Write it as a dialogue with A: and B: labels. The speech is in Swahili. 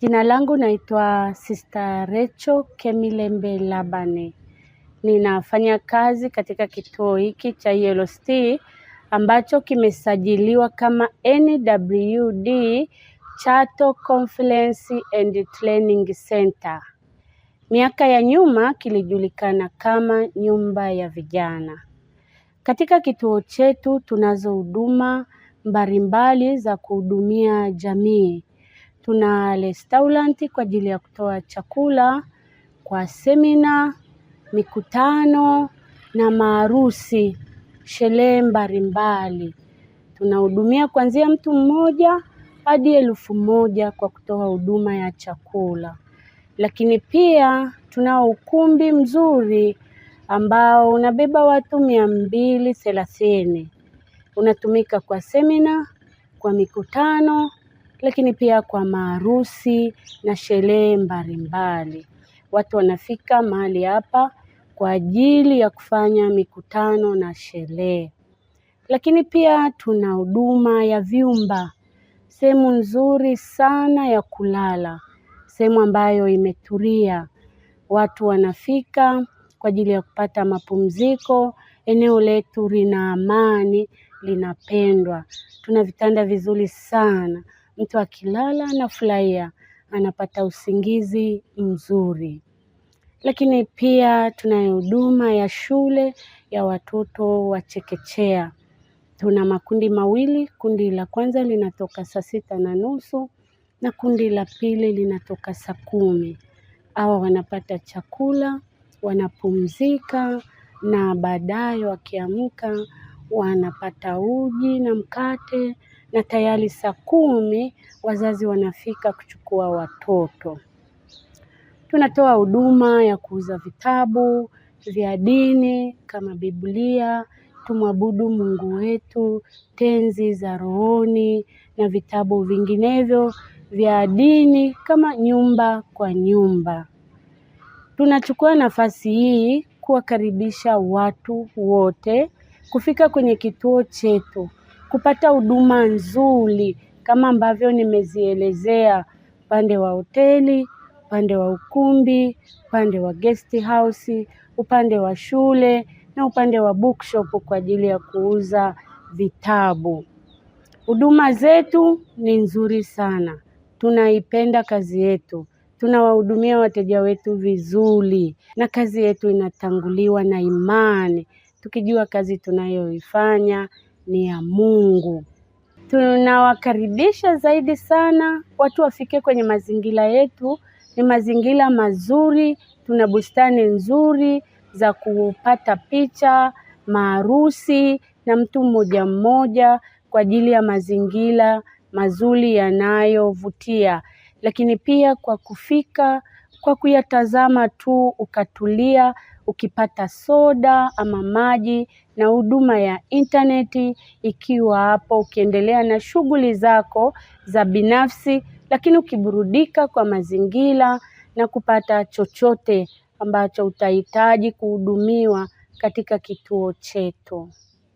A: Jina langu naitwa Sister recho Kemilembe Labane. Ninafanya kazi katika kituo hiki cha ELCT ambacho kimesajiliwa kama NWD Chato Conference and Training Center. Miaka ya nyuma kilijulikana kama nyumba ya vijana. Katika kituo chetu tunazo huduma mbalimbali za kuhudumia jamii Tuna restaurant kwa ajili ya kutoa chakula kwa semina, mikutano na maharusi, sherehe mbalimbali. Tunahudumia kuanzia mtu mmoja hadi elfu moja kwa kutoa huduma ya chakula. Lakini pia tunao ukumbi mzuri ambao unabeba watu mia mbili thelathini. Unatumika kwa semina, kwa mikutano lakini pia kwa maharusi na sherehe mbalimbali. Watu wanafika mahali hapa kwa ajili ya kufanya mikutano na sherehe. Lakini pia tuna huduma ya vyumba, sehemu nzuri sana ya kulala, sehemu ambayo imetulia. Watu wanafika kwa ajili ya kupata mapumziko. Eneo letu lina amani, linapendwa. Tuna vitanda vizuri sana. Mtu akilala anafurahia, anapata usingizi mzuri. Lakini pia tunayo huduma ya shule ya watoto wa chekechea. Tuna makundi mawili, kundi la kwanza linatoka saa sita na nusu na kundi la pili linatoka saa kumi. Hawa wanapata chakula, wanapumzika na baadaye wakiamka wanapata uji na mkate na tayari saa kumi wazazi wanafika kuchukua watoto. Tunatoa huduma ya kuuza vitabu vya dini kama Biblia, Tumwabudu Mungu Wetu, Tenzi za Rohoni na vitabu vinginevyo vya dini kama Nyumba kwa Nyumba. Tunachukua nafasi hii kuwakaribisha watu wote kufika kwenye kituo chetu kupata huduma nzuri kama ambavyo nimezielezea upande wa hoteli, upande wa ukumbi, upande wa guest house, upande wa shule na upande wa bookshop kwa ajili ya kuuza vitabu. Huduma zetu ni nzuri sana, tunaipenda kazi yetu, tunawahudumia wateja wetu vizuri, na kazi yetu inatanguliwa na imani, tukijua kazi tunayoifanya ni ya Mungu. Tunawakaribisha zaidi sana watu wafike kwenye mazingira yetu, ni mazingira mazuri, tuna bustani nzuri za kupata picha, maharusi na mtu mmoja mmoja kwa ajili ya mazingira mazuri yanayovutia. Lakini pia kwa kufika kwa kuyatazama tu ukatulia, ukipata soda ama maji na huduma ya intaneti ikiwa hapo, ukiendelea na shughuli zako za binafsi, lakini ukiburudika kwa mazingira na kupata chochote ambacho utahitaji kuhudumiwa katika kituo chetu.